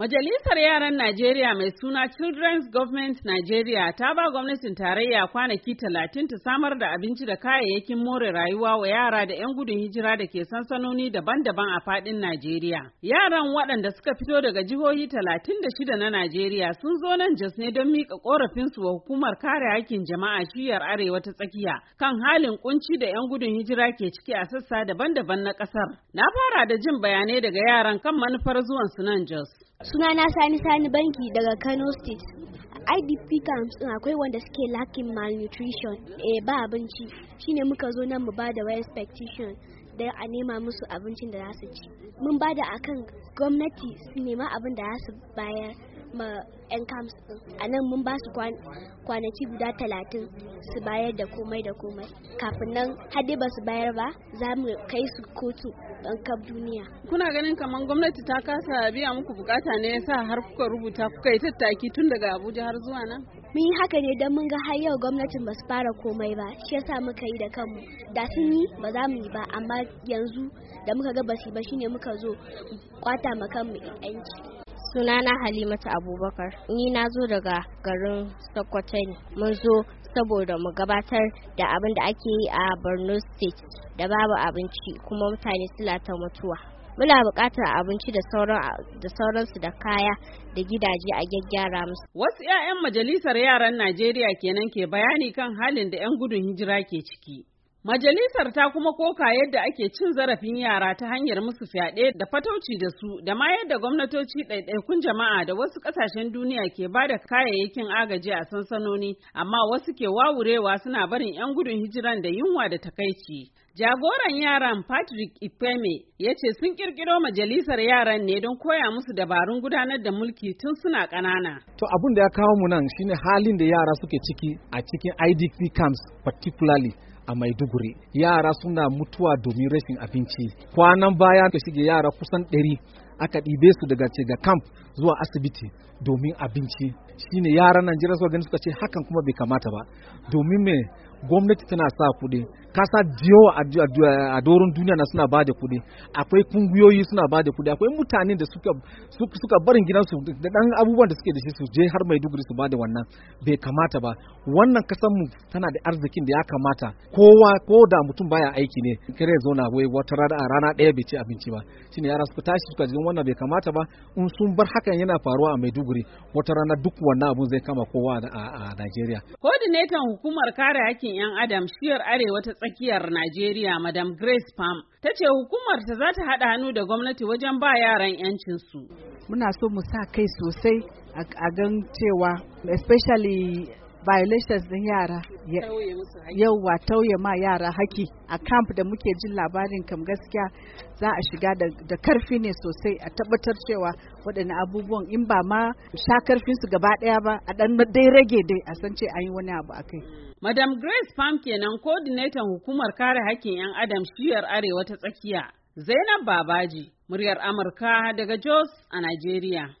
Majalisar Yaran Najeriya mai suna Children's Government Nigeria ta ba gwamnatin tarayya kwanaki talatin ta samar da abinci da kayayyakin more rayuwa wa yara da 'yan gudun hijira da ke sansanoni daban-daban a fadin Najeriya. Yaran waɗanda suka fito daga jihohi talatin da shida na Najeriya sun zo nan Jos ne don miƙa ƙorafinsu wa hukumar kare hakkin jama'a shiyar arewa ta tsakiya kan halin kunci da 'yan gudun hijira ke ciki a sassa daban-daban na ƙasar. Na fara da jin bayanai daga yaran kan manufar zuwan su nan Jos. suna na sani sani banki daga kano state idp camps akwai wanda suke lakin malnutrition eh ba abinci shine muka zo nan mu ba da wellness petition don a nema musu abincin da za su ci mun ba da akan gwamnati su nema abin da za su bayar ma 'yan camps a nan mun ba su kwanaki guda talatin su bayar da komai da komai kafin nan hadi ba su bayar ba za mu kai su kotu don kaf duniya kuna ganin kamar gwamnati ta kasa biya muku bukata ne sa har kuka rubuta kuka yi tattaki tun daga abuja har zuwa nan mun yi haka ne don mun ga har yau gwamnatin ba su fara komai ba shi yasa muka yi da kanmu da sun yi ba za mu yi ba amma yanzu da muka ga ba yi ba shine muka zo kwata ma kanmu yanci sunana halimatu abubakar ni na zo daga garin sokoto ne mun zo saboda mu gabatar da abin da ake yi a borno state da babu abinci kuma mutane suna ta mutuwa muna buƙatar abinci da sauransu da kaya da gidaje a gyaggyara musu. Wasu 'ya'yan majalisar yaran Najeriya kenan ke bayani kan halin da 'yan gudun hijira ke ciki. Majalisar ta kuma koka yadda ake cin zarafin yara ta hanyar musu fyaɗe da fatauci da su da ma yadda gwamnatoci ɗaiɗaikun jama'a da wasu ƙasashen duniya ke ba da kayayyakin agaji a sansanoni amma wasu ke wawurewa suna barin 'yan gudun hijiran da yunwa da takaici. Jagoran yaran Patrick Ipeme ya ce sun ƙirƙiro majalisar yaran ne don koya musu dabarun gudanar da mulki tun suna ƙanana. To abin da ya kawo mu nan shine halin da yara suke ciki a cikin IDP camps particularly. a Maiduguri yara suna mutuwa domin rashin abinci kwanan baya ka shige yara kusan ɗari aka ɗibe su daga ce ga camp zuwa asibiti domin abinci shine yara Najeriya suka gani suka ce hakan kuma bai kamata ba domin me gwamnati tana sa kuɗi kasa diyo a doron duniya na suna bada kuɗi akwai kungiyoyi suna bada kuɗi akwai mutane da suka suka barin gidansu da dan abubuwan da suke da shi su je har Maiduguri su bada wannan bai kamata ba wannan kasan mu tana da arzikin da ya kamata kowa ko da mutum baya aiki ne kare zauna wai wata rana a rana ɗaya bai ci abinci ba shine yara suka tashi suka ji wannan bai kamata ba in sun bar hakan yana faruwa a Maiduguri wata rana duk wannan abun zai kama kowa a Najeriya. Coordinator hukumar kare hakkin 'yan Adam shiyar Arewa ta tsakiyar Najeriya Madam Grace Pam ta ce hukumar ta za ta haɗa hannu da gwamnati wajen ba yaran 'yancinsu. Muna so mu sa kai sosai a gan cewa especially violations din yara yauwa tauye ma yara haki a camp da muke jin labarin kam gaskiya za a shiga da karfi ne sosai a tabbatar cewa waɗanne abubuwan in ba ma sha karfin su gaba ɗaya ba a ɗan dai rage dai a san ce an yi wani abu a kai. Madam Grace Pam kenan coordinator hukumar kare hakkin 'yan Adam shiyar Arewa ta tsakiya. Zainab Babaji, muryar Amurka daga Jos a nigeria.